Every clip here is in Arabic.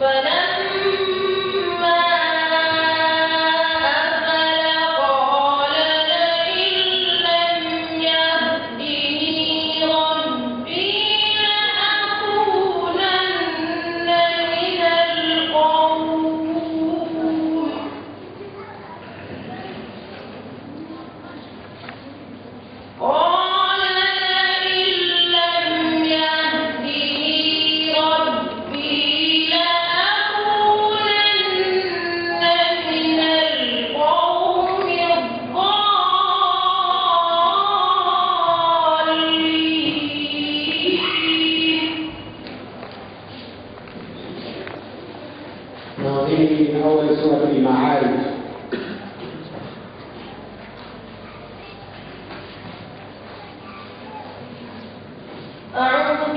But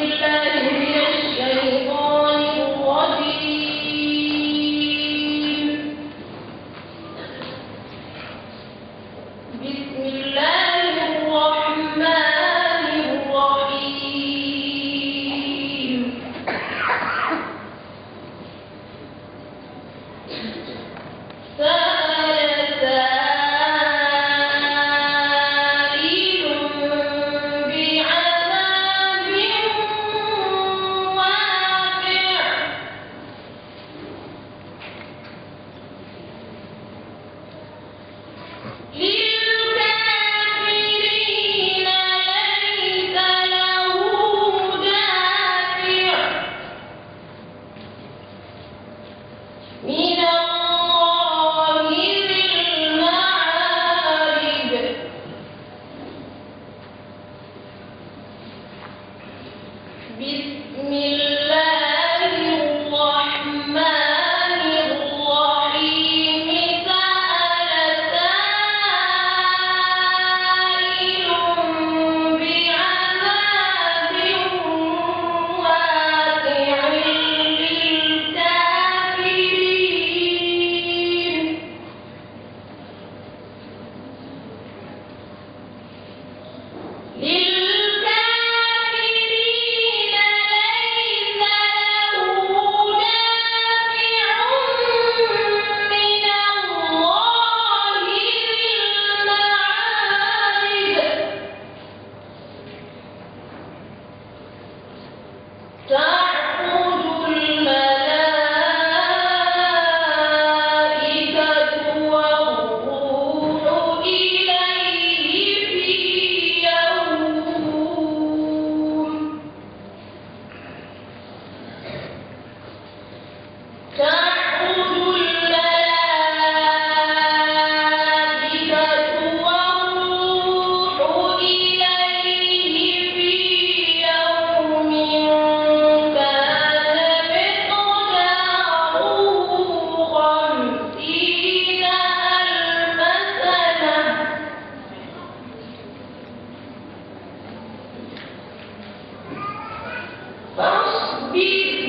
بالله be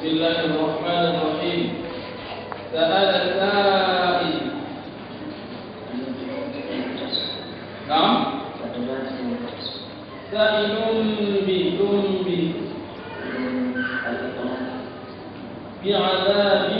بسم الله الرحمن الرحيم سأل سائل نعم سائل بذنب بعذاب